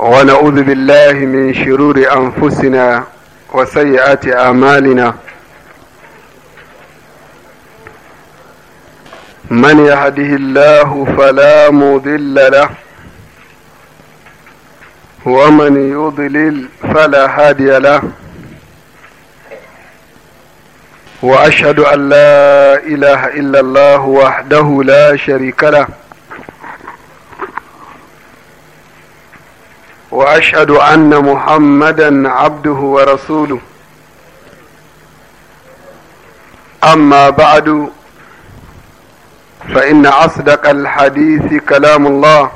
ونعوذ بالله من شرور أنفسنا وسيئات أعمالنا من يهده الله فلا مضل له ومن يضلل فلا هادي له واشهد ان لا اله الا الله وحده لا شريك له واشهد ان محمدا عبده ورسوله اما بعد فان اصدق الحديث كلام الله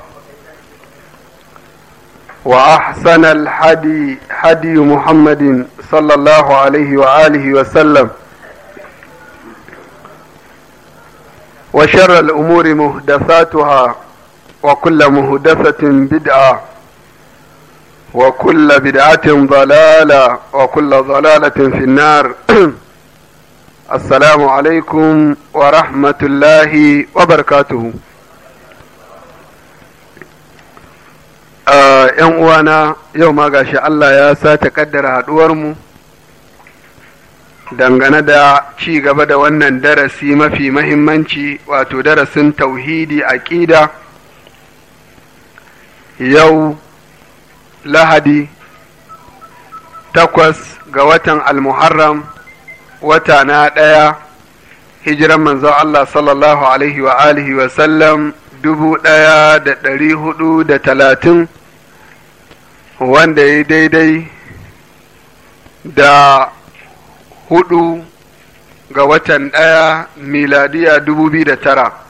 واحسن الحدي حدي محمد صلى الله عليه واله وسلم وشر الامور مهدفاتها وكل مهدفه بدعه وكل بدعة ضلالة وكل ضلالة في النار السلام عليكم ورحمة الله وبركاته ‘yan uwana yau ma gashi Allah ya sace kaddara haɗuwarmu dangane da ci gaba da wannan darasi mafi mahimmanci wato darasin tauhidi aƙida yau lahadi takwas ga watan almuharram wata na ɗaya hijiran manzo Allah sallallahu alaihi wa alihi wa sallam dubu ɗaya da ɗari hudu da talatin wanda ya daidai da hudu ga watan ɗaya miladiya dubu biyu da tara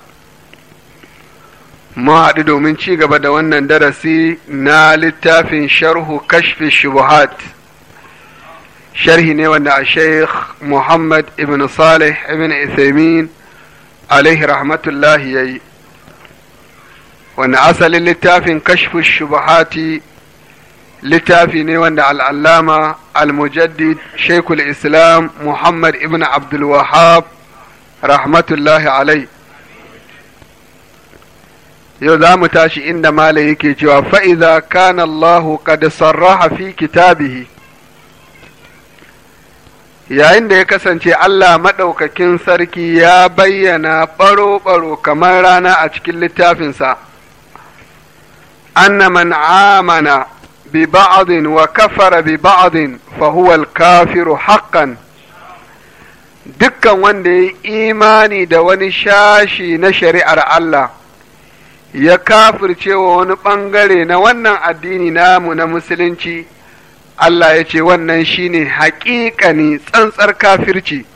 Mu haɗu domin ci gaba da wannan darasi na littafin sharhu kashfi shubuhat sharhi ne wanda a sheikh muhammad ibn salih ibn Uthaymeen alaihi rahmatullahi ya yi wanda asalin littafin kashfi shubuhati littafi ne wanda al'allama al-mujaddid sheikhul islam muhammad ibn abdul wahab rahmatullahi alaihi yau za mu tashi inda mala yake cewa fa'iza kana Allahu qad sarraha fi kitabihi yayin da ya kasance Allah maɗaukakin sarki ya bayyana ɓaro-ɓaro kamar rana a cikin littafinsa, anna man amana bi ba'adin wa kafara bi ba'adin fahuwal kafiru haƙƙan. Dukkan wanda ya yi imani da wani shashi na shari'ar Allah. ya kafircewa wani ɓangare na wannan addini namu na musulunci Allah ya ce wannan shine haƙiƙani tsantsar kafirci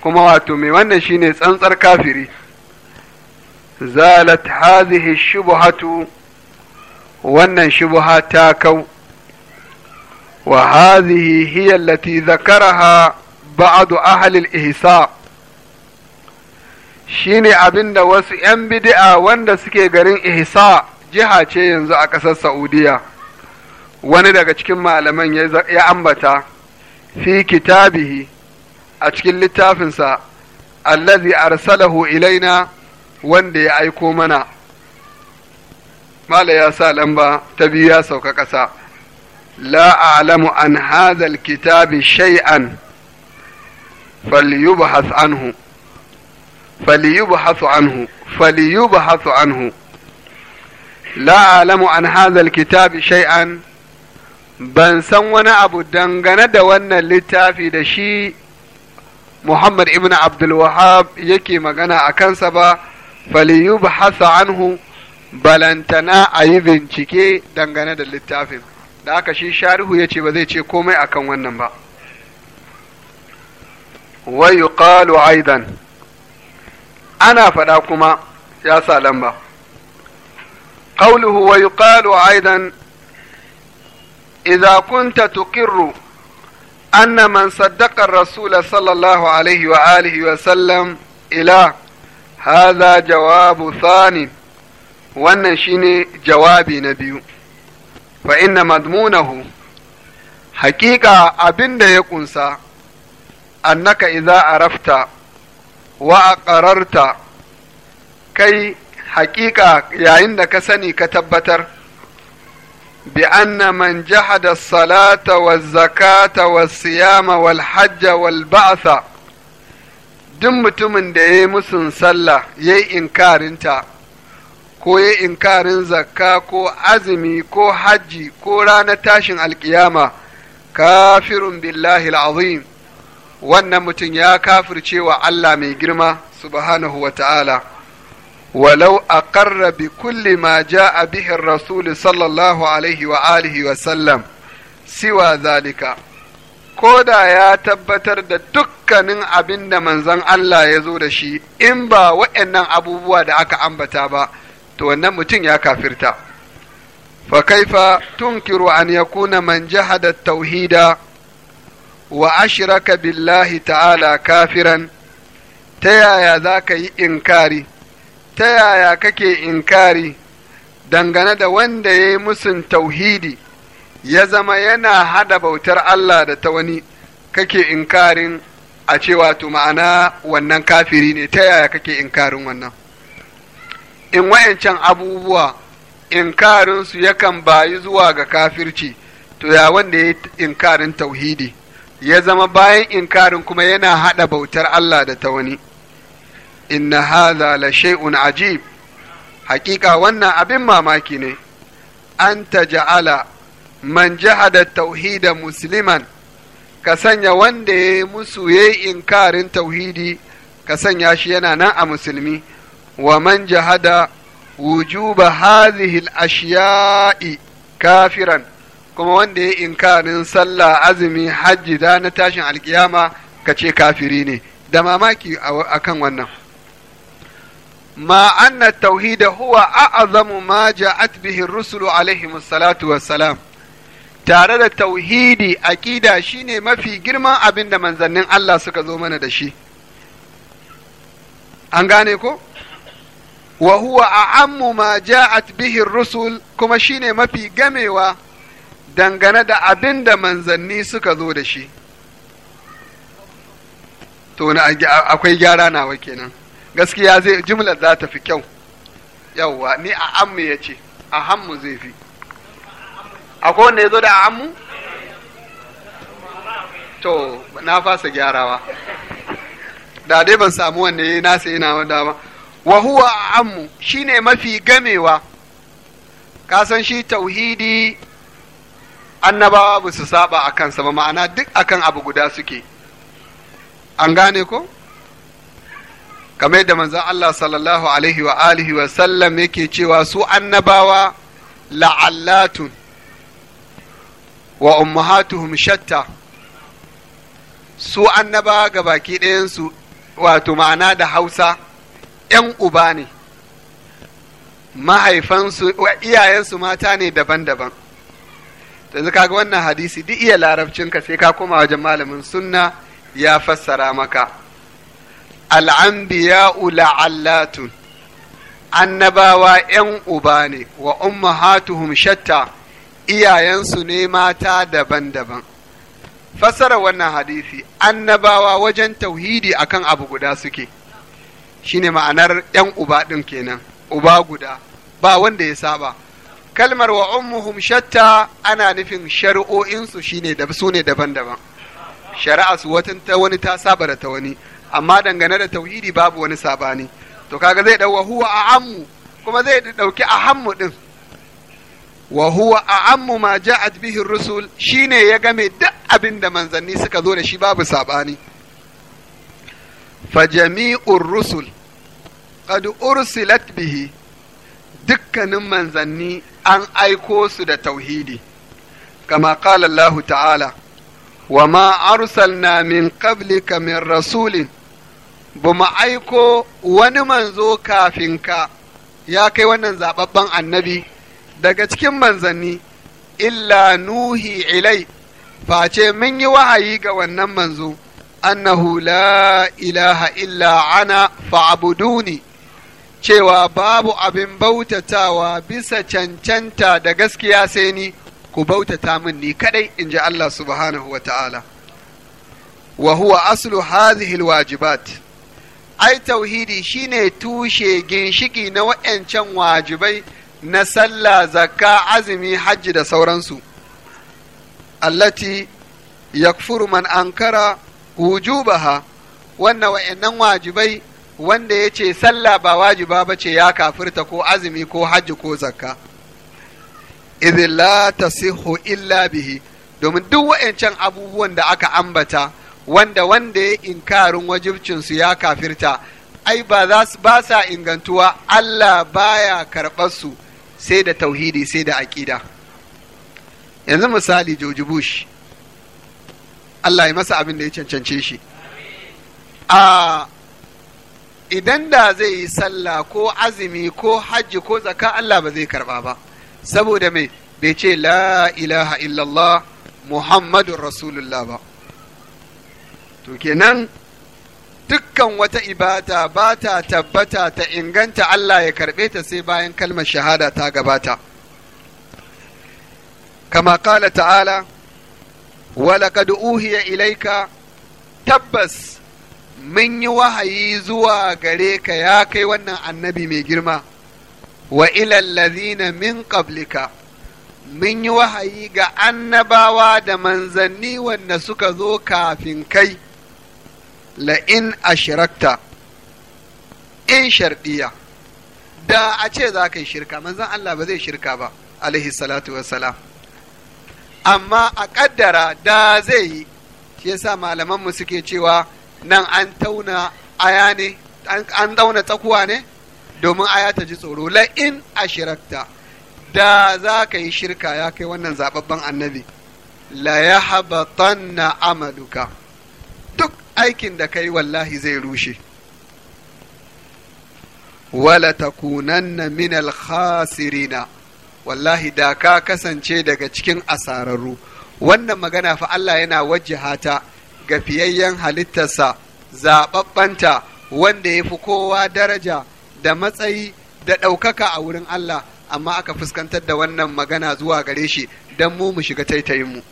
kuma wato mai wannan shine tsantsar kafiri zalat hazihi shubuhatu wannan shubuha ta kau wa hazihi hiya allati zakaraha ba'du ahli al-ihsa' shine abin da wasu 'yan bid'a wanda suke garin ihsa jiha ce yanzu a ƙasar saudiya wani daga cikin malaman ya ambata fi kitabihi a cikin littafinsa allazi arsalahu ilaina wanda ya aiko mana mala ya sa lamba ta biyu ya sauka ƙasa la a'lamu an hadha kitabi shay'an falyubhas anhu فليبحث عنه فليبحث عنه لا أعلم عن هذا الكتاب شيئا ban san wani abu dangane da wannan littafi da shi Muhammad ibn Abdulwahab yake magana a kansa ba, faliyu ba hasa anhu balantana a yi bincike dangane da littafin, da aka shi sharihu ya ce ba zai ce komai akan wannan ba. Wa yuqalu aidan ana faɗa kuma ya sa lamba qawluhu wa yuqalu aidan idza kunta tuqirru anna man saddaqa ar sallallahu alaihi wa alihi wa sallam ila haza jawabu thani wannan shine jawabi na biyu fa inna madmunahu haƙiƙa abinda ya ƙunsa annaka idza arafta wa ƙararta. kai haƙiƙa yayin da ka sani ka tabbatar bi anna man jahada salata wa zakata wa siyama wal hajja wal duk mutumin da ya yi musun sallah ya yi inkarinta ko ya yi inkarin zakka ko azumi ko hajji ko ranar tashin alƙiyama kafirun billahi al'azim wannan mutum ya kafirce wa Allah mai girma subhanahu wa ta'ala walau a bi kulli ma a bihin rasul sallallahu alaihi wa alihi wa sallam siwa zalika Ko da ya tabbatar da dukkanin abin da manzon Allah ya zo da shi in ba waɗannan abubuwa da aka ambata ba to wannan mutum ya kafirta fa kaifa tunkiru an yakuna man jahada tauhida wa ashraka billahi ta'ala kafiran ta yaya za ka yi inkari ta yaya kake inkari dangane da wanda ya yi musun tauhidi ya zama yana hada bautar Allah da ta wani kake inkarin a cewa to ma'ana wannan kafiri ne ta yaya kake inkarin wannan in wayancan abubuwa inkarinsu yakan bayi zuwa ga kafirci to ya wanda ya yi inkarin tauhidi ya zama bayan inkarin kuma yana haɗa bautar Allah da ta wani inna haza la shay'un ajib haƙiƙa wannan abin mamaki ne an taja'ala man jahada tauhida musliman ka sanya wanda ya musu ya inkarin tauhidi ka sanya shi yana nan a musulmi wa man jahada wujuba hadhihi al kafiran kuma wanda ya inkarin sallah azumi hajji da na tashin alkiyama ka ce kafiri ne da mamaki a kan wannan ma anna tauhida huwa a'azamu ma ja'at bihi rusulu alaihimu salatu wassalam tare da tauhidi aƙida shine mafi girman abin da manzannin Allah suka zo mana da shi an gane ko wa huwa a'ammu ma ja'at bihi rusul kuma shine mafi gamewa dangane da abin da manzanni suka zo da shi to akwai gyara nawa kenan gaskiya zai jimlar za ta fi kyau yawwa ni a ammu ya ce a hammu zai fi akwai wanda ya zo da a ammu to na fasa gyarawa da dai ban samu wanda ya nasa yana wada ba wa huwa ammu shine mafi gamewa ka san shi tauhidi annabawa ba su saba a kansa ba ma'ana duk akan abu guda suke an gane ko kamar yadda manzon Allah sallallahu alaihi wa alihi wa sallam yake cewa su annabawa la'allatun wa ummahatuhum shatta su annabawa ga baki ɗayansu wato ma'ana da hausa ‘yan uba ne mahaifansu iyayensu mata ne daban-daban yanzu ga wannan hadisi duk iya larabcinka sai ka koma wajen malamin sunna ya fassara maka al'anbiya'u la'allatun annabawa ‘yan uba ne wa ummahatuhum shatta iyayensu ne mata daban-daban fassara wannan hadisi annabawa wajen tauhidi akan abu guda suke shine ma'anar ‘yan uba ɗin kenan uba guda ba wanda ya saba kalmar wa ummuhum shatta ana nufin shari'o'insu shine da su ne daban-daban shari'a su watan ta wani ta saba da ta wani amma dangane da tauhidi babu wani sabani to kaga zai dau huwa a ammu kuma zai dauki a hammu din wa huwa a ammu ma ja'at bihi rusul shine ya game duk abin da manzanni suka zo da shi babu sabani fa jami'ur rusul qad ursilat bihi dukkanin manzanni an aiko su da tauhidi kama qala Allah ta'ala wa ma arsalna min qablika min rasulin ba mu aiko wani manzo kafin ka ya kai wannan zababben annabi daga cikin manzanni illa nuhi ilai face mun yi wahayi ga wannan manzo annahu la ilaha illa ana fa'buduni cewa babu abin bautatawa bisa cancanta da gaskiya sai ni ku bautata min ni kadai in ji Allah subhanahu wa ta'ala wa huwa aslu hadhihi alwajibat ai tauhidi shine tushe ginshiki na wa'ancan wajibai na sallah zakka azumi hajji da sauransu allati yakfuru man ankara wujubaha wannan wa'annan wajibai wanda ya ce sallah ba wajiba ba ce ya kafirta ko azumi ko hajji ko zakka idin la tasihu illa bihi domin duk wa'ancan abubuwan da aka ambata wanda wanda ya inkarin wajibcinsu ya kafirta ai ba za su ba sa ingantuwa Allah baya karɓar su sai da tauhidi sai da aƙida yanzu misali George Bush Allah ya masa abin da ya cancance shi a ah, idan da zai yi sallah ko azumi ko hajji ko zaka Allah ba zai karba ba saboda mai bai ce la ilaha illallah muhammadun rasulullah ba to kenan dukkan wata ibada ba ta tabbata ta inganta Allah ya karɓe ta sai bayan kalmar shahada ta gabata kama kala ta'ala walaƙad uhiya ilaika tabbas mun yi wahayi zuwa gare ka ya kai wannan annabi mai girma wa ilallazina min qablika mun yi wahayi ga annabawa da manzanni wanda suka zo kafin kai la'in ashirakta in shardiya da a ce za ka yi shirka manzan Allah ba zai shirka ba alaihi salatu wassalam amma a ƙaddara da zai yi shi yasa malamanmu suke cewa nan an tauna aya ne an tauna tsakuwa ne domin aya ta ji tsoro lain in ashirakta da za ka yi shirka ya kai wannan zababben annabi la na amaduka duk aikin da kai wallahi zai rushe wala takunanna min khasirina wallahi da ka kasance daga cikin asararru wannan magana fa Allah yana wajihata ga halittarsa zaɓaɓɓanta wanda ya fi kowa daraja da matsayi da ɗaukaka a wurin Allah amma aka fuskantar da wannan magana zuwa gare shi don mu mu shiga taitayinmu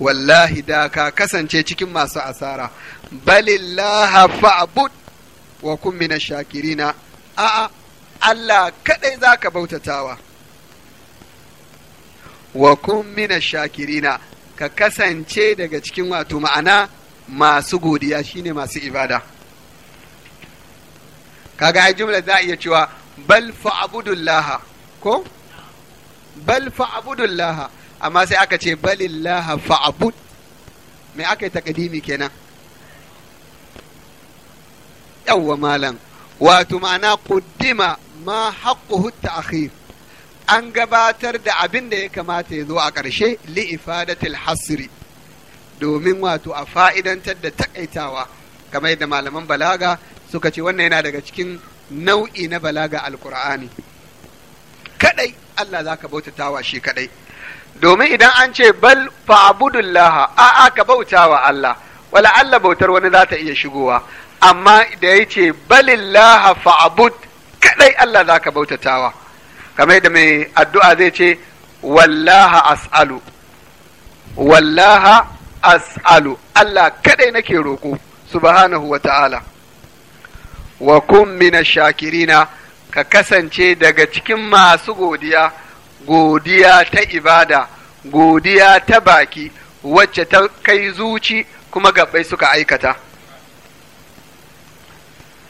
wallahi da ka kasance cikin masu asara balillaha fa'abud wa kun shakirina a'a Allah kaɗai za ka bautatawa wa kun mina shakirina ka kasance daga cikin wato ma'ana masu godiya shine masu ibada kaga ai jumla za a iya cewa bal fa'budullaha ko bal fa'budullaha amma sai aka ce balillaha fa'bud me aka yi takadimi kenan yawwa malam wato ma'ana quddima ma haqquhu ta'khir an gabatar da abin da ya kamata ya zo a ƙarshe li'ifadatil hasri domin wato a fa'idantar da takaitawa kamar yadda malaman balaga suka ce wannan yana daga cikin nau'i na balaga alkur'ani kadai Allah za ka tawa shi kadai domin idan an ce bal fa'budullaha a a ka wa Allah wala Allah bautar wani za ta iya shigowa amma da ya ce balillaha fa'bud kadai Allah za ka bautatawa kamar da mai addu'a zai ce wallaha as'alu wallaha as'alu Allah kaɗai nake roƙo subhanahu wa ta'ala wa kun mina shakirina ka kasance daga cikin masu godiya godiya ta ibada godiya ta baki wacce ta kai zuci kuma gabai suka aikata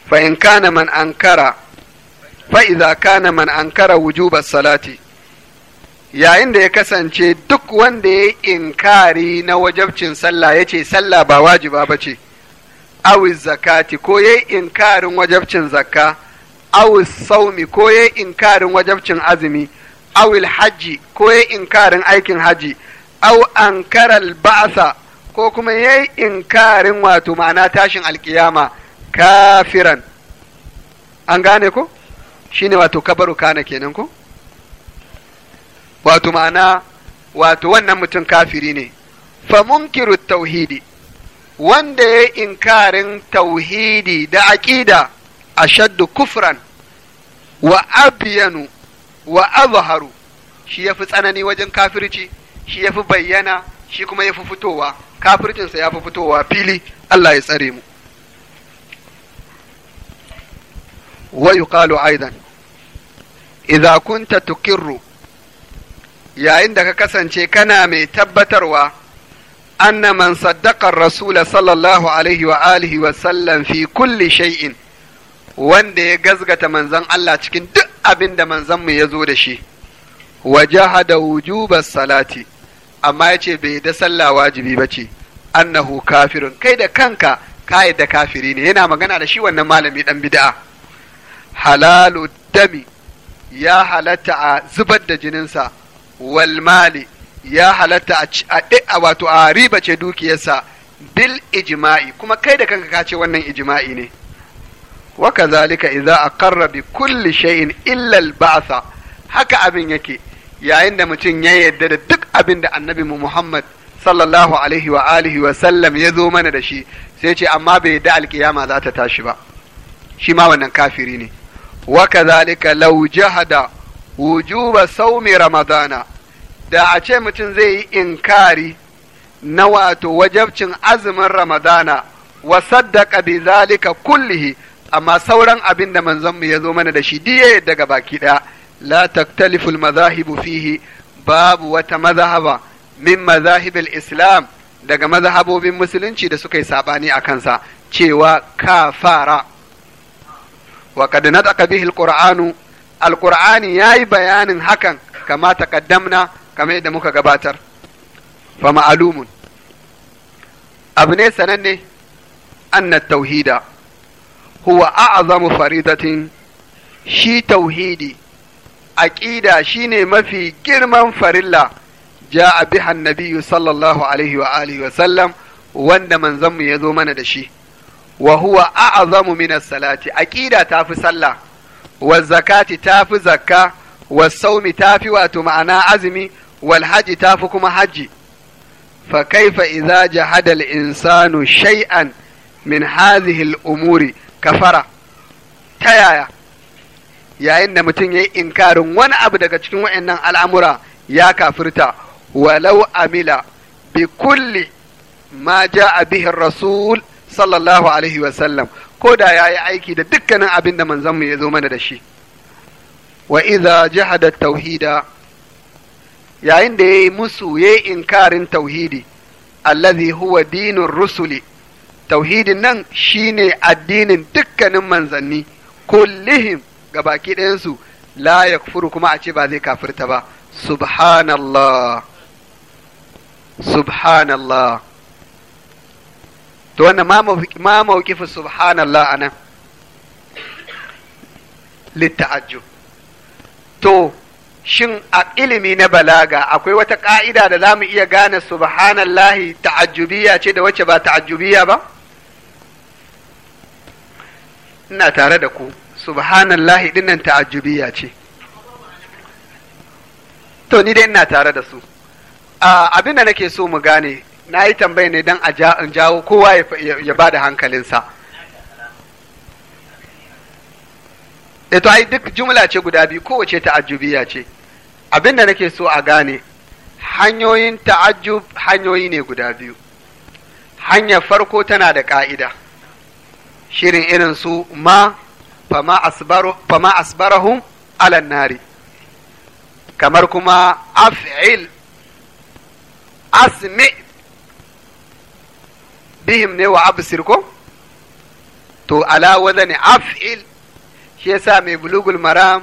fa in kana man ankara fa'iza kana man ankara wujubar salati yayin da ya kasance duk wanda ya inkari na wajabcin sallah ya ce sallah ba wajiba ba ce awis zakati ko ya inkarin wajabcin zakka awis saumi ko ya inkarin wajabcin azumi awil hajji ko ya inkarin aikin hajji aw ankaral ba'asa ko kuma ya inkarin wato ma'ana tashin alkiyama kafiran an gane ko shine wato kabaru kana kenan ko wato ma'ana wato wannan mutum kafiri ne fa munkiru tauhidi wanda ya inkarin tauhidi da aƙida a ashaddu kufran wa abiyanu wa azharu shi ya fi tsanani wajen kafirci shi ya fi bayyana shi kuma ya fi fitowa kafircinsa ya fi fitowa fili Allah ya tsare mu wa yuqalu idza kunta tukirru yayin da ka kasance kana mai tabbatarwa anna man saddaqa sallallahu alaihi wa alihi wa sallam fi kulli shay'in wanda ya gazgata manzan Allah cikin duk abin da mu ya zo da shi wa jahada wujubas salati amma yace bai da sallah wajibi bace annahu kafirun kai da kanka kai da kafiri ne yana magana da shi wannan malami dan bid'a halalu dami ya halatta a zubar da jininsa wal mali ya halatta a wato a riba ce dukiyarsa bil ijma'i kuma kai da kanka ka ce wannan ijma'i ne wa kazalika idza aqarra bi kulli shay'in illa al ba'sa haka abin yake yayin da mutum ya yarda da duk abin da annabi Muhammad sallallahu alaihi wa alihi wa sallam ya zo mana da shi sai ce amma bai yarda alkiyama za ta tashi ba shi ma wannan kafiri ne وكذلك لو جهد وجوب صوم رمضان da a ce mutum zai yi inkari na wato wajabcin azumin ramadana wa saddaka bi zalika kullihi amma sauran abin da manzon mu ya zo mana da shi diye daga baki ɗaya la taktalifu al fihi babu wata mazhaba min mazahibil islam daga mazhabobin musulunci da suka yi sabani a kansa cewa kafara wa qad nataqa bihi alqur'anu alqur'ani yayi bayanin hakan kama taqaddamna kamar yadda muka gabatar fa ma'lumun abu ne sananne anna tauhida huwa a'zamu faridatin shi tauhidi Aƙida shine mafi girman farilla ja'a biha annabiyyu sallallahu alaihi wa sallam wanda manzon mu ya zo mana da shi Wahuwa? huwa a'zamu min as-salati aqida tafi sallah wa zakati tafi zakka wa saumi tafi wato ma'ana azumi Walhaji haji tafi kuma hajji. fa kaifa idza jahada al-insanu shai'an min hadhihi al-umuri kafara ta yaya yayin da mutum ya yi inkarin wani abu daga cikin wayannan al'amura ya kafirta walau amila bi kulli ma jaa bihi ar-rasul sallallahu alaihi wasallam ko da ya yi aiki da dukkanin abin da manzanmu ya zo mana da shi wa iza jahada tauhida yayin da ya yi musu ya yi inkarin tauhidi allazi huwa dinin rusuli tauhidin nan shine addinin dukkanin manzanni kullihim ga baki ɗayansu la yakfuru kuma a ce ba zai kafirta ba subhanallah subhanallah to wannan ma mawqifin subhanallah anan litta'ajju to shin a ilimi na balaga akwai wata ka'ida da za mu iya gane subhanallah ta'ajjubiyya ce da wacce ba ta'ajjubiyya ba ina tare da ku subhanallah dinnan ta'ajjubiyya ce to ni dai ina tare da su ah, abin da nake so mu gane na yi tambaya ne don a jawo kowa ya ba da hankalinsa eh to ai duk jumla ce guda biyu kowace ta'ajjubiya ce abin da nake so a gane hanyoyin ta'ajjub hanyoyi ne guda biyu hanyar farko tana da ƙa'ida shirin irin su ma fama asbarahum alan nari kamar kuma af'il asmi bihim ne wa absir ko to ala ne af'il shi yasa mai bulugul maram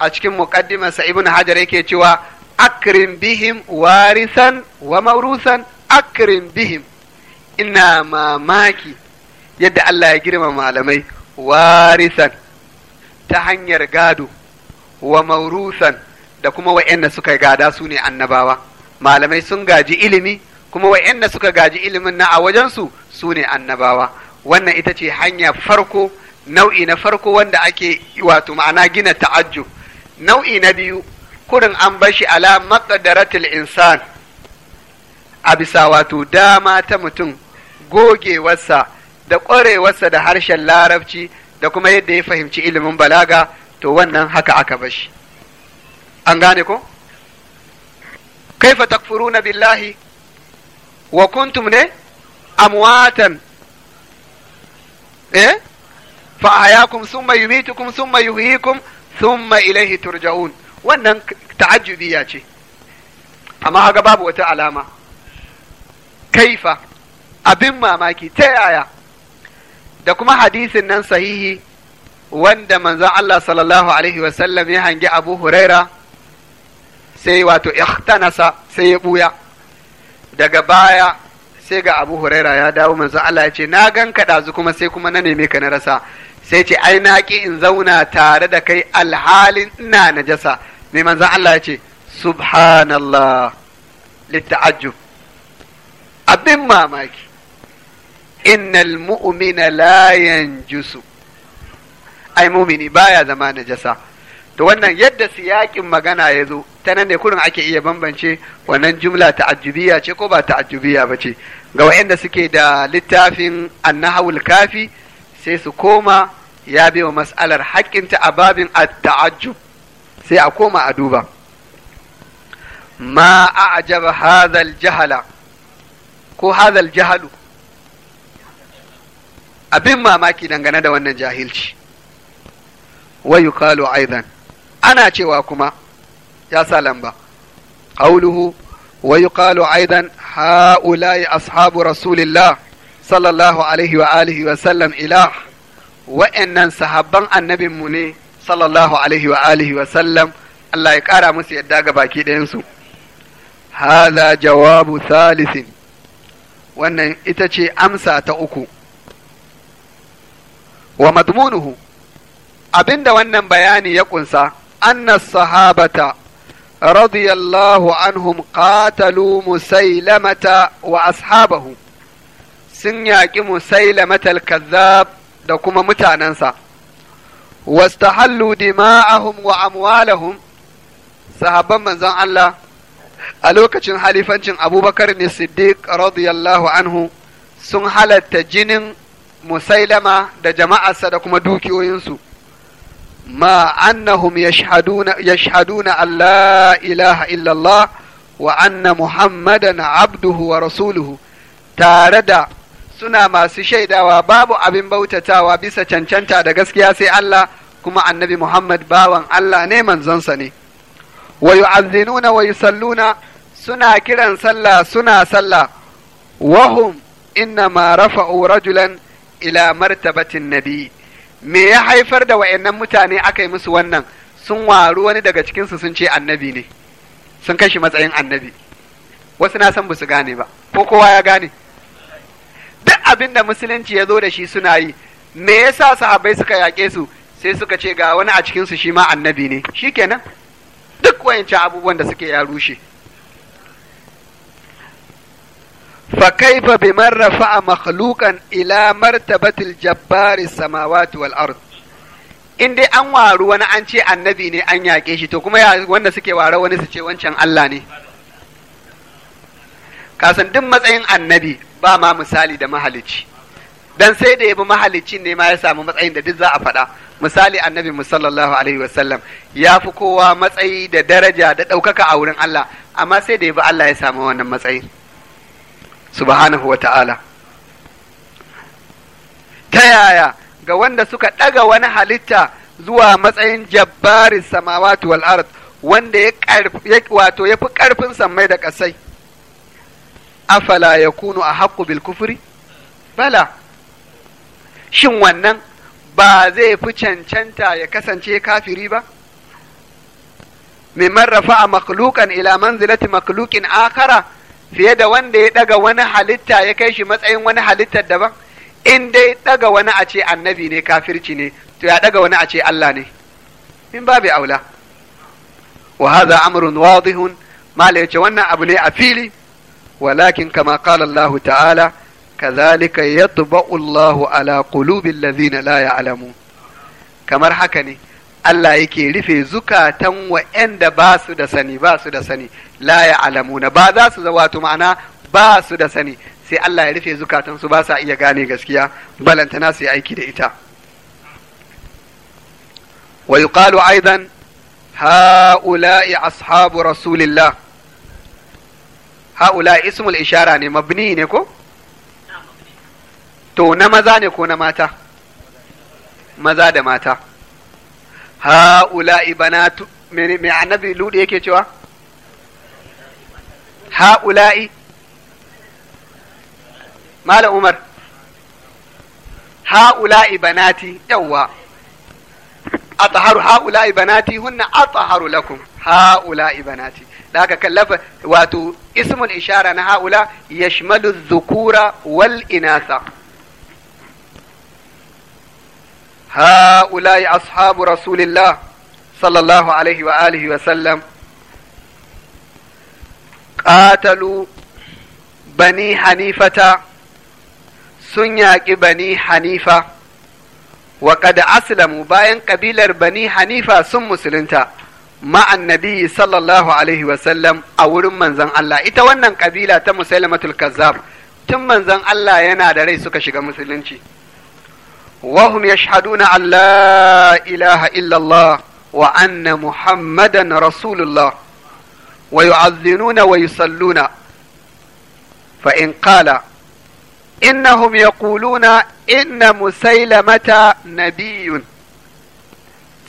a cikin muqaddimarsa ibn hajar yake cewa akrim bihim warisan wa maurusan akrim bihim ina mamaki yadda Allah ya girma malamai warisan ta hanyar gado wa maurusan da kuma wa'yanda suka gada su ne annabawa malamai sun gaji ilimi kuma wa'yanda suka gaji ilimin na a wajensu su ne annabawa wannan ita ce hanya farko nau'i na farko wanda ake wato ma'ana gina ta'ajju. nau'i na biyu kurin an bar shi ala maqdaratil insan a bisa wato dama ta mutum gogewarsa da ƙwarewarsa da harshen larabci da kuma yadda ya fahimci ilimin balaga to wannan haka aka bashi. an gane ko kaifa takfuruna billahi wa kuntum ne amwatan eh fa ayakum summa yumitukum summa yuhyikum summa ilaihi turja'un wannan ta'ajjubiya ce amma haka babu wata alama kaifa abin mamaki ta yaya da kuma hadisin nan sahihi wanda manzon Allah sallallahu alaihi wasallam ya hangi Abu Huraira sai wato ikhtanasa sai ya buya daga baya sai ga abu huraira ya dawo manzo Allah ya ce na gan ka ɗazu kuma sai kuma na neme ka na rasa sai ce ai na ki in zauna tare da kai alhalin ina najasa mai manzo Allah ya ce subhanallah litta'ajjub abin mamaki innal mu'mina la yanjusu ai mumini baya zama najasa to wannan yadda siyakin magana ya zo ta nan ne kurin ake iya bambance wannan jumla ta'ajjubiya ce ko ba ta'ajjubiya ba ce ga waɗanda suke da littafin annahawul kafi sai su koma ya bi wa mas'alar haƙƙinta a babin ta'ajjub sai a koma a duba ma a'jaba hadhal jahala ko hadhal jahalu abin mamaki dangane da wannan jahilci wa yuqalu aidan ana cewa kuma ya sa lamba qawluhu wa yuqalu aidan haula'i ashabu rasulillah sallallahu alaihi wa alihi wa sallam ilah wa'annan sahabban annabin mu ne sallallahu alaihi wa alihi wa sallam Allah ya kara musu yadda ga baki ɗayansu hadha jawabu thalithin wannan ita ce amsa ta uku wa madmunuhu abinda wannan bayani ya kunsa أن الصحابة رضي الله عنهم قاتلوا wa ashabahu, sun yaƙi musailamatal kazzab da kuma mutanensa wastahallu dima'ahum wa amwalahum sahabban manzon Allah a lokacin halifancin abubakar ne siddiq radiyallahu anhu sun halatta jinin musailama da jama'arsa da kuma dukiyoyinsu ma annahum yashhaduna yashhaduna an ilaha illallah wa anna abduhu wa rasuluhu tare da suna masu shaidawa babu abin bautatawa bisa cancanta da gaskiya sai Allah kuma annabi Muhammad bawan Allah ne manzonsa ne wa yu'azzinuna wa yusalluna suna kiran salla, suna sallah wahum inna ma rafa'u rajulan ila martabatin nabi me ya haifar da wa'annan mutane aka yi musu wannan sun waru wani daga cikinsu sun ce annabi ne sun kai shi matsayin annabi wasu na san ba su gane ba ko kowa ya gane duk abin da musulunci ya zo da shi suna yi me yasa sahabai suka yaƙe su sai suka ce ga wani a cikinsu shi ma annabi ne shikenan duk wayancan abubuwan da suke ya rushe فكيف بمن رفع مخلوقا إلى مرتبة الجبار السماوات والأرض in dai an waru wani an ce annabi ne an yaƙe shi to kuma wanda suke ware wani su ce wancan Allah ne kasan duk matsayin annabi ba ma misali da mahalicci dan sai da yabi mahalicci ne ma ya samu matsayin da duk za a faɗa misali annabi musallallahu alaihi wasallam ya fi kowa matsayi da daraja da ɗaukaka a wurin Allah amma sai da yabi Allah ya samu wannan matsayin subhanahu wata'ala ta yaya ga wanda suka ɗaga wani halitta zuwa matsayin jabbarin samawati wal ard wanda ya wato ya fi ƙarfin sammai da ƙasai afala ya kunu a haƙƙu bil bala shin wannan ba zai fi cancanta ya kasance kafiri ba mimman a makhluqan ila manzilati makhluqin akara fiye da wanda ya ɗaga wani halitta ya kai shi matsayin wani halittar daban in dai ɗaga wani a ce annabi ne kafirci ne to ya ɗaga wani a ce Allah ne min babu aula wa hadha amrun wadihun mala yace wannan abu ne a fili walakin kama qala Allah ta'ala kadhalika yatba'u Allah ala qulubi alladhina la ya'lamun kamar haka ne Allah yake rufe zukatan wa'yanda ba su da sani ba su da sani la ya alamuna ba za su wato ma'ana ba su da sani sai Allah ya rufe zukatansu ba sa iya gane gaskiya balantana su yi aiki da ita wa yuqalu aidan ha'ula'i ashabu rasulillah ha'ula'i ismul ishara ne mabni ne ko to na maza ne ko na mata maza da mata ha'ula'i banatu me annabi lude yake cewa ha'ula'i Malam Umar ha'ula'i banati yawwa ataharu ha'ula'i banati hunna ataharu lakum ha'ula'i banati da haka kallafa wato ismun ishara na ha'ula yashmalu dhukura wal inasa هؤلاء أصحاب رسول الله صلى الله عليه وآله وسلم قاتلوا بني حنيفة سنياك بني حنيفة وقد أسلموا باين قبيلة بني حنيفة سن مسلمتا مع النبي صلى الله عليه وسلم أول من زن الله إتوانا قبيلة مسلمة الكذاب تم من زن الله ينادى ريسك شغا مسلمتي وهم يشهدون أن لا إله إلا الله وأن محمدا رسول الله ويعذنون ويصلون فإن قال إنهم يقولون إن مسيلمة نبي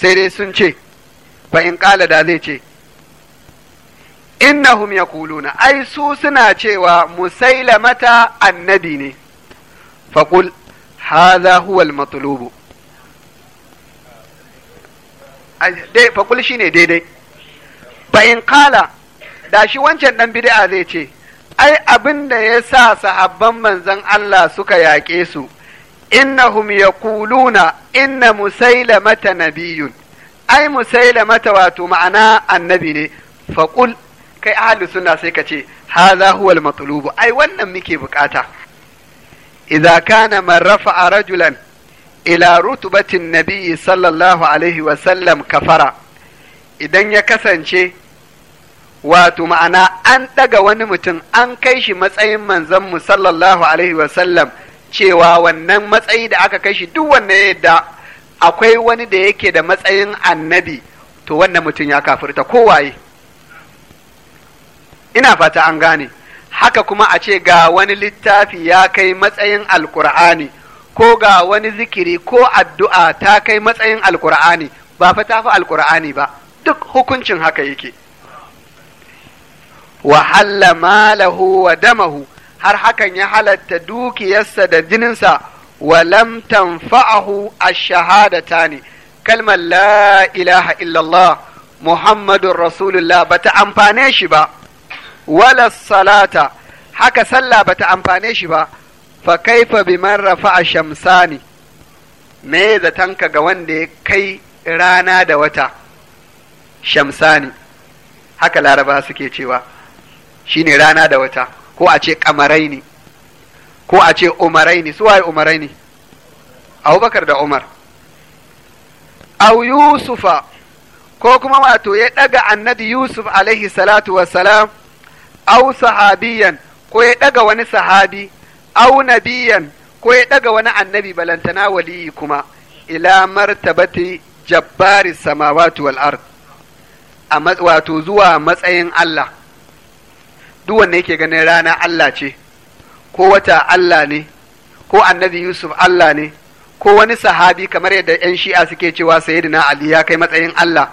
سيري سنشي فإن قال ذلك innahum yaquluna ai su suna cewa musailamata annabi ne faqul hadha huwa al-matlubu dai fa shine daidai fa in da shi wancan dan bid'a zai ce ai abin da ya sa sahabban manzon Allah suka yaƙe su innahum yaquluna inna musailamata nabiyyun ai musailamata wato ma'ana annabi ne faqul kai ahli sunna sai ka ce hadha huwa al-matlubu ai wannan muke bukata إذا كان من رفع رجلا إلى رتبة النبي صلى الله عليه وسلم كفر wato ma'ana an ɗaga wani mutum an kai shi matsayin manzanmu sallallahu alaihi wasallam cewa wannan matsayi da aka kai shi duk wanda ya yadda akwai wani da yake da matsayin annabi to wannan mutum ya kafirta kowaye ina fata an gane haka kuma a ce ga wani littafi ya kai matsayin alkur'ani ko ga wani zikiri ko addu'a ta kai matsayin alkur'ani ba fa ta fi alkur'ani ba duk hukuncin haka yake wahalla malahu wa damahu har hakan ya halatta dukiyarsa da jininsa wa lam tanfa'ahu ash-shahadata ne kalmar la ilaha illallah muhammadun rasulullah bata amfane shi ba wala salata haka sallah bata amfane shi ba fa kaifa biman rafa'a shamsani me tanka ga wanda ya kai rana da wata shamsani haka laraba suke cewa shine rana da wata ko a ce kamarai ne ko a ce umarai ne suwaye umarai ne abubakar da umar au yusufa ko kuma wato ya daga annabi yusuf alaihi salatu wassalam Au sahabiyan ko ya daga wani sahabi au nabiyan ko ya daga wani annabi balantana waliyi kuma ila martabati jabbari samawati wal ard wato zuwa matsayin Allah duk wanda yake ganin rana Allah ce ko wata Allah ne ko annabi Yusuf Allah ne ko wani sahabi kamar yadda 'yan shi'a suke cewa sayyidina Ali ya kai matsayin Allah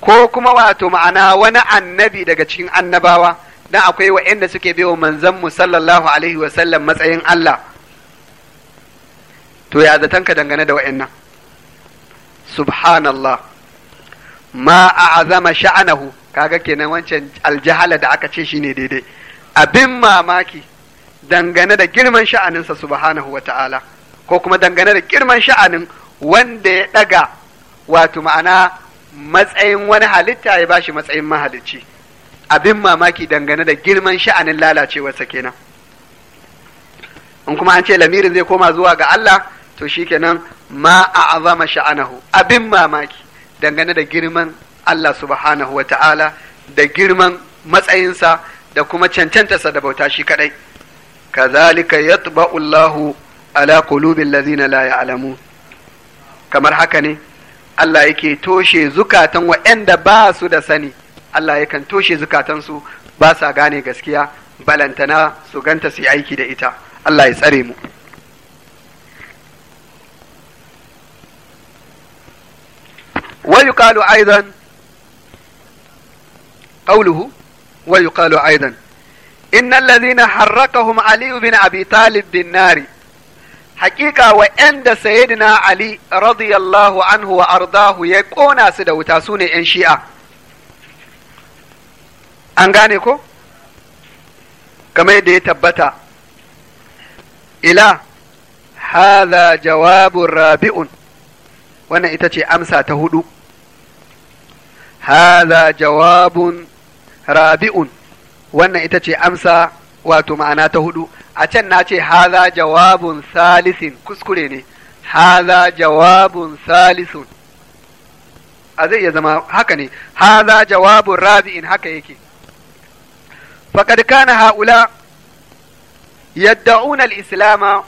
ko kuma wato ma'ana wani annabi daga cikin annabawa dan akwai wa'anda suke biyo manzon mu sallallahu alaihi wa sallam matsayin Allah to ya zatanka dangane da wa'annan subhanallah ma a'azama sha'anahu kaga kenan wancan aljahala da aka ce shine daidai abin mamaki dangane da girman sha'aninsa subhanahu wa ta'ala ko kuma dangane da girman sha'anin wanda ya daga wato ma'ana matsayin wani halitta ya bashi matsayin mahalicci abin mamaki dangane da girman sha'anin lalacewarsa kenan in kuma an ce lamirin zai koma zuwa ga Allah to shi shikenan ma a azama sha'anahu abin mamaki dangane da girman Allah subhanahu wa ta'ala da girman matsayinsa da kuma cancantarsa da bauta shi kadai kazalika yatba'u Allahu ala qulubi allazina la ya'lamu kamar haka ne Allah yake toshe zukatan waɗanda ba su da sani Allah yakan toshe zukatansu ba sa gane gaskiya balantana su ganta su yi aiki da ita Allah ya tsare mu ويقال أيضا قوله ويقال أيضا إن الذين حركهم علي بن أبي طالب بالنار haƙiƙa wa ‘yan Sayyidina Ali radiyallahu anhu wa ardahu ya ƙona su da wuta su ne ‘yan shi'a. An gane ko? Kamar da ya tabbata, ila, haza jawabun rabi'un, wannan ita ce amsa ta hudu. Haza jawabun rabi'un, wannan ita ce amsa wato ma'ana ta hudu. a can na ce haza jawabun salisin kuskure ne haza jawabun salisun a zai iya zama haka ne haza jawabun rabi'in haka yake faƙad kana ha'ula yadda'una al-islama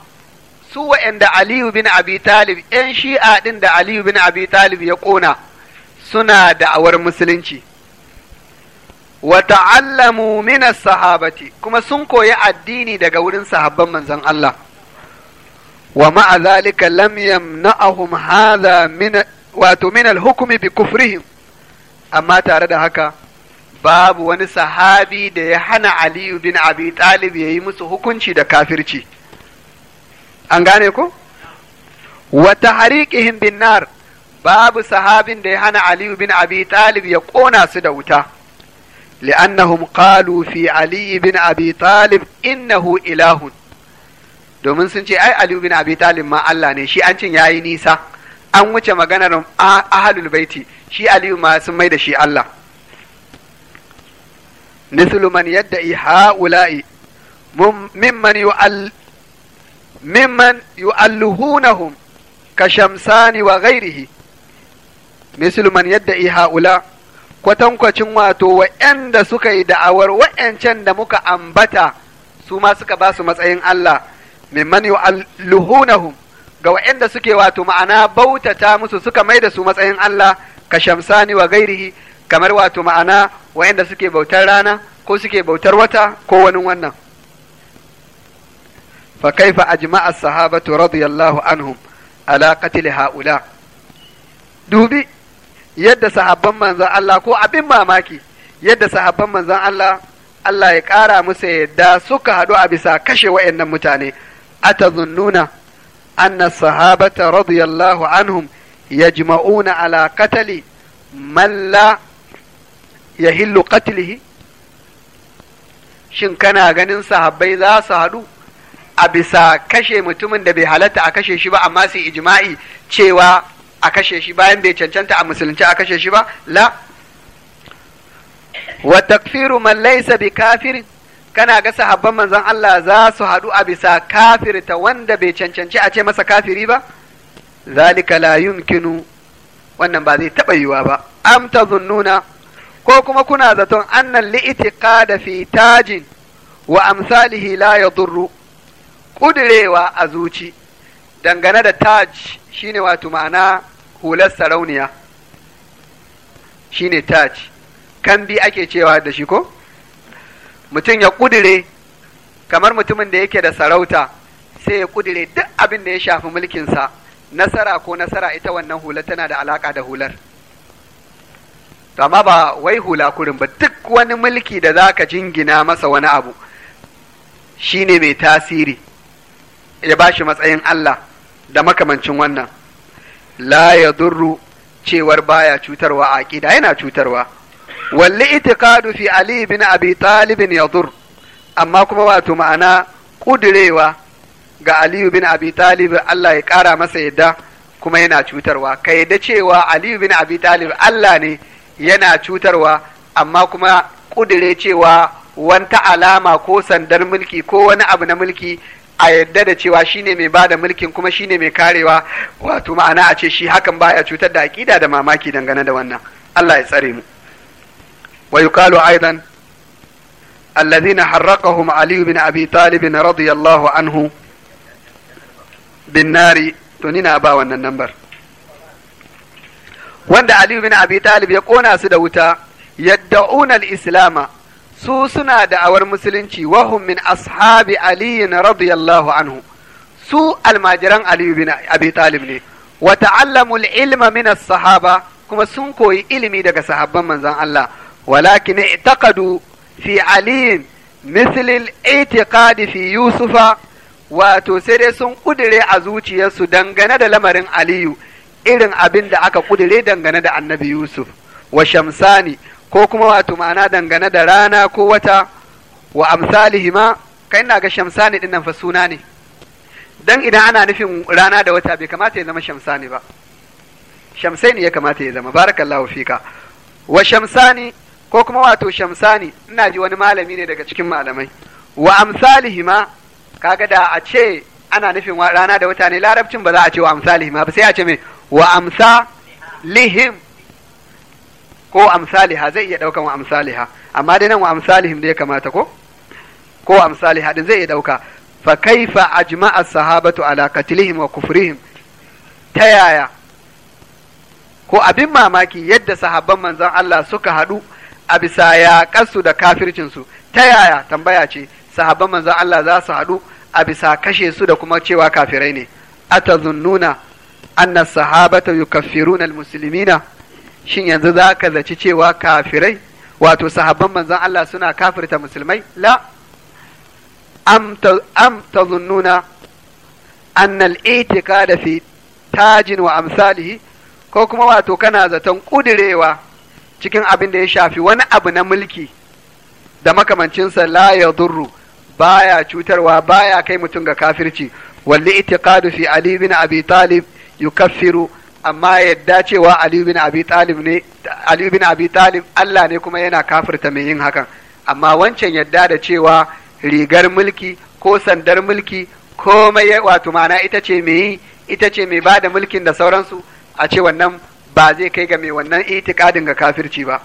su wa'anda Aliyu bin Abi Talib ‘yan shi'a ɗin da Aliyu bin Abi Talib ya ƙona suna da awar musulunci Wata ta'allamu min sahabati kuma sun koyi addini daga wurin sahabban manzan Allah wa ma'a zalika lam yamna'ahum hadha min wato min al bi kufrihim amma tare da haka babu wani sahabi da ya hana Aliyu bin Abi Talib ya yi musu hukunci da kafirci. An gane ko? Wata hariƙihin bin nar babu sahabin da ya hana Aliyu bin Abi ya ƙona su da wuta. li'annahum qalu fi ali ibn abi talib innahu ilahun domin sun ce ai ali bin abi talib ma Allah ne shi an cin yayi nisa an wuce maganar ahlul baiti shi aliyu ma sun mai da shi Allah mislu man yadda'i ha'ula'i mimman yu'al mimman yu'alluhunahum ka shamsani wa ghairihi mislu man yadda'i ha'ula' kwatankwacin wato wa'yanda suka yi da'awar wa'yancan da muka ambata su ma suka ba su matsayin Allah mimman yu'alluhunahum ga wa'yanda suke wato ma'ana bautata musu suka mai da su matsayin Allah ka shamsani wa gairihi kamar wato ma'ana wa'yanda suke bautar rana ko suke bautar wata ko wani wannan fa kaifa sahabatu radiyallahu anhu ala haula dubi yadda sahabban manzan Allah ko abin mamaki yadda sahabban manzan Allah Allah ya ƙara musu yadda suka haɗu a bisa kashe wa'annan mutane an anna sahabata radiyallahu anhum yajma'una ala qatali man la yahillu qatlihi shin kana ganin sahabbai za su haɗu a bisa kashe mutumin da bai halatta a kashe shi ba amma su ijma'i cewa a kashe shi bayan bai cancanta a musulunci a kashe shi ba la wa takfiru man laysa bi kafirin kana ga sahabban manzon Allah za su haɗu a bisa kafirta wanda bai cancanci a ce masa kafiri ba zalika la yumkinu wannan ba zai taɓa yiwa ba am tazunnuna ko kuma kuna zaton annan li'itiqada fi tajin wa amsalihi la yadurru kudirewa a zuci dangane da taj shine wato ma'ana hular sarauniya shine taj kambi ake cewa da shi ko mutum ya kudure kamar mutumin da yake da sarauta sai ya kudire duk abin da ya shafi mulkinsa nasara ko nasara ita wannan hular tana da alaka da hular to amma ba wai hula kurin ba duk wani mulki da za ka jingina masa wani abu shine mai tasiri ya bashi matsayin Allah da makamancin wannan la ya durru cewar baya cutarwa a ƙida yana cutarwa walli itiqadu fi ali bin abi talibin ya dur amma kuma wato ma'ana ƙudirewa ga aliyu bin abi talib Allah ya ƙara masa yadda kuma yana cutarwa ka yadda cewa aliyu bin abi talib Allah ne yana cutarwa amma kuma ƙudire cewa wanta alama ko sandar mulki ko wani abu na mulki a yadda da cewa shine mai ba da mulkin kuma shine mai karewa wato ma'ana a ce shi hakan baya cutar da aƙida da mamaki dangane da wannan Allah ya tsare mu wa yuqalu aidan alladhina harraqahum ali bin abi talib radiyallahu anhu bin nari to ni na ba wannan lambar wanda ali bin abi talib ya kona su da wuta yadda'una al-islama su suna da'awar musulunci wahum min ashabi ali radiyallahu anhu su almajiran aliyu bin abi talib ne wa ta'allamu ilma min as-sahaba kuma sun koyi ilimi daga sahabban manzon Allah walakin i'taqadu fi ali mithl al-i'tiqad fi yusufa wato sai dai sun kudire a zuciyarsu dangane da lamarin aliyu irin abin da aka kudire dangane da annabi yusuf wa shamsani ko kuma wato ma'ana dangane da rana ko wata wa amsalihima kai ina ga shamsani din nan fa suna ne dan idan ana nufin rana da wata bai kamata ya zama shamsani ba ne ya kamata ya zama barakallahu fika wa shamsani ko kuma wato shamsani ina ji wani malami ne daga cikin malamai wa amsalihima kaga da a ce ana nufin rana da wata ne larabcin ba za a ce wa amsalihima ba sai a ce me wa amsa lihim ko amsaliha zai iya ɗaukan wa amsaliha amma dai nan wa amsalihim da ya kamata ko ko amsaliha din zai iya ɗauka. fa kaifa ajma'a sahabatu ala qatlihim wa kufrihim ta yaya ko abin mamaki yadda sahabban manzon Allah suka haɗu a bisa ya yaƙarsu da kafircinsu ta yaya tambaya ce sahabban manzon Allah za su haɗu a bisa kashe su da kuma cewa kafirai ne atazunnuna anna sahabata yukaffiruna almuslimina shin yanzu za ka zaci cewa kafirai wato sahabban manzon Allah suna kafirta musulmai la am tazunnuna anna itiqada fi tajin wa amsalihi ko kuma wato kana zaton kudirewa cikin abin da ya shafi wani abu na mulki da makamancinsa la ya durru baya cutarwa baya kai mutum ga kafirci walli itiqadu fi ali bin abi talib yukaffiru amma yadda cewa Aliyu bin Abi Talib Allah ne kuma yana kafirta mai yin hakan amma wancan yadda da cewa rigar mulki ko sandar mulki komai wato mana ita ce mai ita ce mai bada mulkin da sauransu a ce wannan ba zai kai ga mai wannan itikadin ga kafirci ba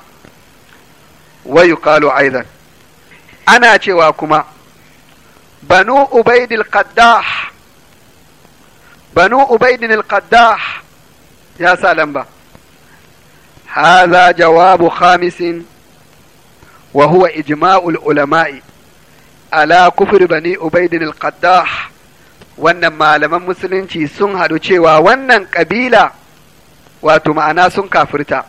Wayu yuqalu aizan. ana cewa kuma banu ubaidil qaddah banu ubaidil qaddah ya sa lamba hadha jawabu khamisin wahuwa huwa ijma'ul ulama'i ala kufur bani ubaidin al wannan malaman musulunci sun haɗu cewa wannan ƙabila wato ma'ana sun kafirta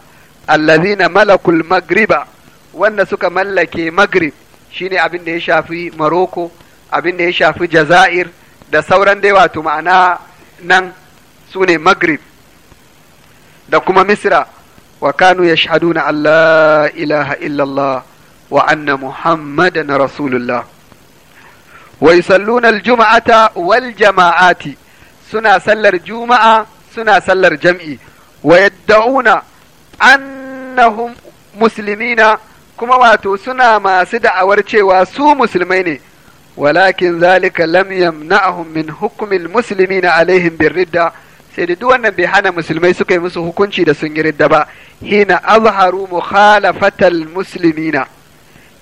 allazina malakul magriba wanda suka mallake magrib shine abin da ya shafi maroko abin da ya shafi jazair da sauran dai wato ma'ana nan su ne magrib da kuma misra wa kanu shahadu na Allah, ilaha illallah wa anna na rasulullah Wai sallunar juma'ata wal jama'ati suna sallar juma'a suna sallar jam'i wa yad'una annahum muslimina kuma wato suna masu da'awar cewa su musulmai ne walakin zalika lam yamna'ahum min hukmil muslimina alaihim birridda sai da duk wannan bai hana musulmai suka yi musu hukunci da sun yi ridda ba hina azharu mukhalafatal muslimina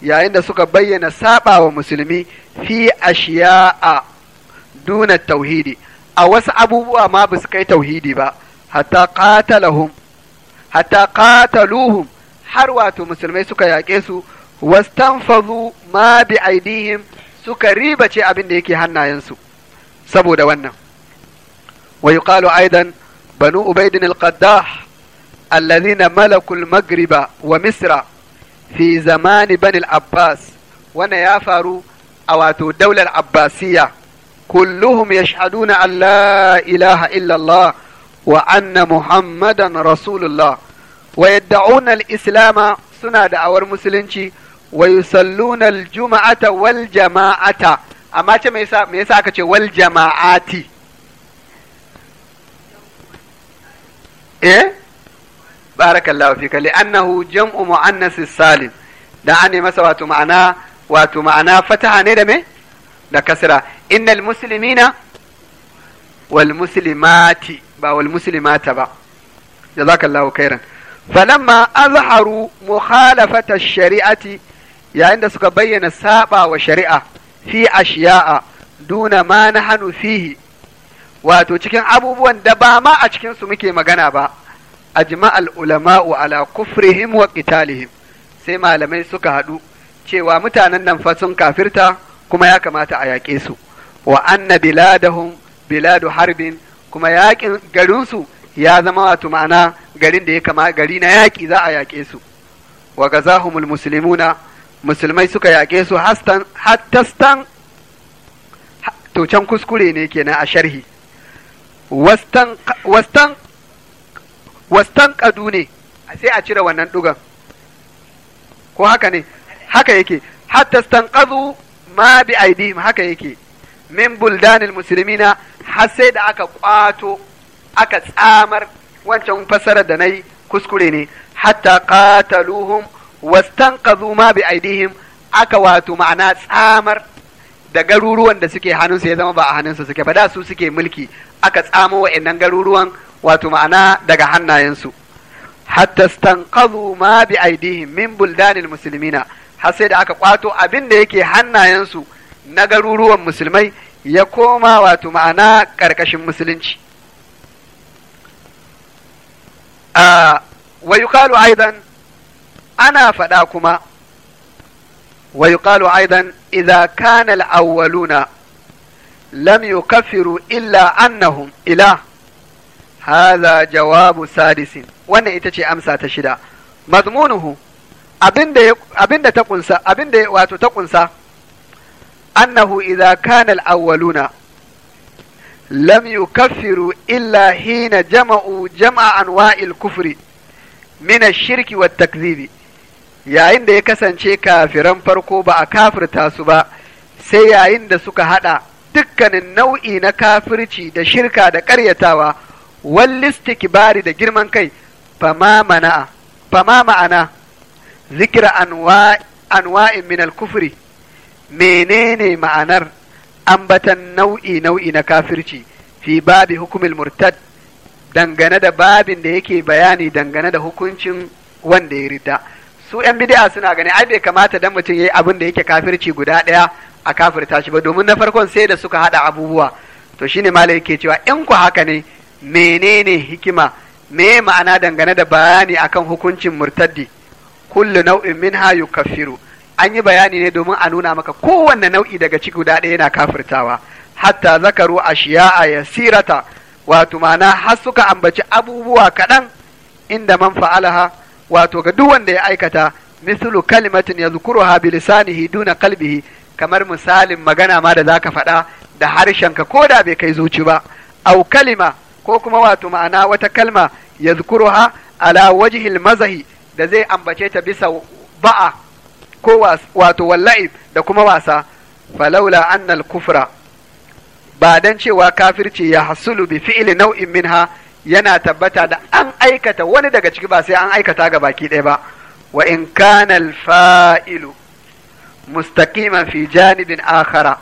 yayin da suka bayyana saɓawa musulmi fi ashiya'a duna tauhidi a wasu abubuwa ma ba su kai tauhidi ba hatta qatalahum hatta qataluhum har wato musulmai suka yaƙe su wastanfazu ma bi aidihim suka ribace abin da yake hannayensu saboda wannan ويقال أيضا بنو أبيد القداح الذين ملكوا المغرب ومصر في زمان بني العباس ونيافروا أواتوا الدولة العباسية كلهم يشهدون أن لا إله إلا الله وأن محمدا رسول الله ويدعون الإسلام سنة دعور مسلنشي ويصلون الجمعة والجماعة أما me yasa aka ce wal jama'ati eh barakallahu fika li annahu jam'u muannas salim da ane masa wato ma'ana wato ma'ana fataha ne da me da kasra Inna muslimina wal muslimati ba wal muslimata ba jazakallahu khairan falamma azharu mukhalafata shari'ati yayin da suka bayyana saɓawa shari'a fi ashiya'a duna ma fihi wato cikin abubuwan da ba ma a cikinsu muke magana ba a jima'al ulama'u ala kufrihim wa qitalihim sai malamai suka haɗu cewa mutanen nan fa sun kafirta kuma ya kamata a yaƙe su wa anna biladahum biladu harbin kuma yaƙin garinsu ya zama wato ma'ana garin da ya kama gari na yaƙi za a yaƙe su wa gazahumul muslimuna musulmai suka yaƙe su hattastan to can kuskure ne kenan a sharhi wastan ƙadu ne sai a cire wannan ɗugan ko haka ne haka yake hatta stanqadu ma bi aidihim haka yake min buldanil musulmina har sai da aka ƙwato aka tsamar wancan fassarar da na yi kuskure ne hatta qataluhum wastanqadhu ma bi aidihim aka wato ma'ana tsamar da garuruwan da suke hannunsa ya zama ba a hannunsa suke ba da su suke mulki aka tsamo wa'annan garuruwan wato ma'ana daga hannayensu hatta stanqadhu ma bi aidihim min buldanil muslimina har sai da aka kwato abin da yake hannayensu na garuruwan musulmai ya koma wato ma'ana karkashin musulunci ah, wa yuqalu aidan ana faɗa kuma ويقال أيضا إذا كان الأولون لم يكفروا إلا أنهم إله هذا جواب سادس wannan ita ce amsa ta shida mazmunuhu abinda ta kunsa abinda wato ta kunsa annahu iza kanal al-awwaluna lam yukaffiru illa hina jama'u jama'a anwa'il kufri min shirki wat-takdhibi yayin da ya kasance kafiran farko ba a kafirta su ba sai yayin da suka haɗa dukkanin nau'i na kafirci da shirka da ƙaryatawa wallistikbari da girman kai fama ma'ana zikira anwa'in min al-kufri menene ma'anar ambatan nau'i nau'i na kafirci fi babi hukumil murtad dangane da babin da yake bayani dangane da hukuncin wanda ya rida. su yan bid'a suna gani ai bai kamata dan mutum yayi abin da yake kafirci guda ɗaya a kafirta shi ba domin na farkon sai da suka haɗa abubuwa to shine malai yake cewa in ku haka ne menene hikima me ma'ana dangane da bayani akan hukuncin murtaddi kullu nau'in minha kafiru an yi bayani ne domin a nuna maka kowanne nau'i daga ciki guda ɗaya yana kafirtawa hatta zakaru a ashiya'a yasirata wato ma'ana har suka ambaci abubuwa kaɗan inda man fa'alaha wato ga duk wanda ya aikata mislu kalimatin yadhkuruha bi lisanihi duna kalbihi kamar misalin magana ma da zaka faɗa da harshenka ko da bai kai zuci ba au kalima ko kuma wato ma'ana wata kalma yadhkuruha ala wajhil mazahi da zai ambace ta bisa ba'a ko wato wallahi da kuma wasa falaula annal kufra ba dan cewa kafirci ya hasulu bi fi'li nau'in minha yana tabbata da an aikata wani daga ciki ba sai an aikata ga baki ɗaya ba wa in kana fa'ilu mustaqiman fi janibin akhara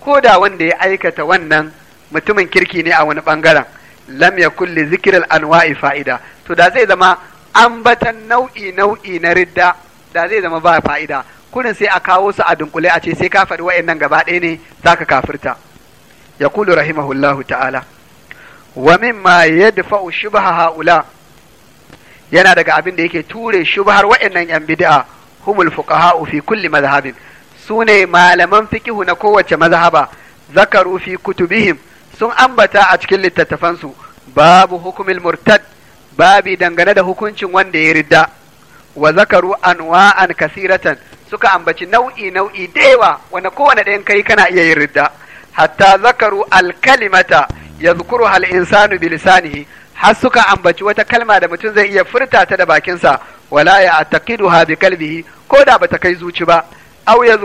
ko da wanda ya aikata wannan mutumin kirki ne a wani bangaren lam yakul li zikr anwa'i fa'ida to da zai zama ambatan nau'i nau'i na ridda da zai zama ba fa'ida kurin sai a kawo su a dunkule a ce sai ka faɗi wa'annan gaba ɗaya ne zaka kafirta yaqulu rahimahullahu ta'ala wa mimma yadfa'u shubha haula yana daga abin da yake ture shubhar wa'annan yan bid'a humul fuqaha'u fi kulli madhhabin sune malaman fikihu na kowace mazhaba zakaru fi kutubihim sun ambata a cikin littattafansu babu hukumil murtad babi dangane da hukuncin wanda ya ridda wa zakaru anwa'an kasiratan suka ambaci nau'i nau'i da yawa wanda kowane ɗayan kai kana iya yin ridda hatta zakaru alkalimata ya hal insanu bi lisanihi har suka ambaci wata kalma da mutum zai iya furta ta da bakinsa wala ya ha bi kalbihi ko da bata kai zuci ba aw ya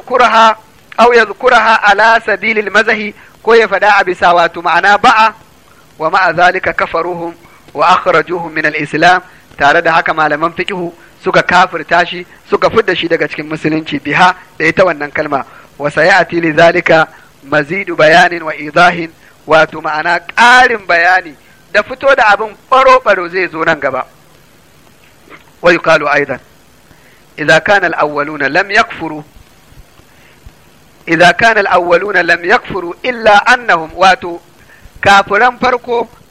aw ha ala sabilil mazahi ko ya fada a bisa wato ma'ana ba'a wa ma'a zalika kafaruhum wa akhrajuhum min al-islam tare da haka malaman fiqhu suka kafirta shi suka fidda shi daga cikin musulunci biha da ita wannan kalma wa sayati li zalika mazidu bayanin wa idahin wato ma'ana ƙarin bayani da fito da abin ɓaro-ɓaro zai zo nan gaba wa yuqalu aidan idza kana awwaluna idza kana lam yakfuru illa annahum wato kafiran farko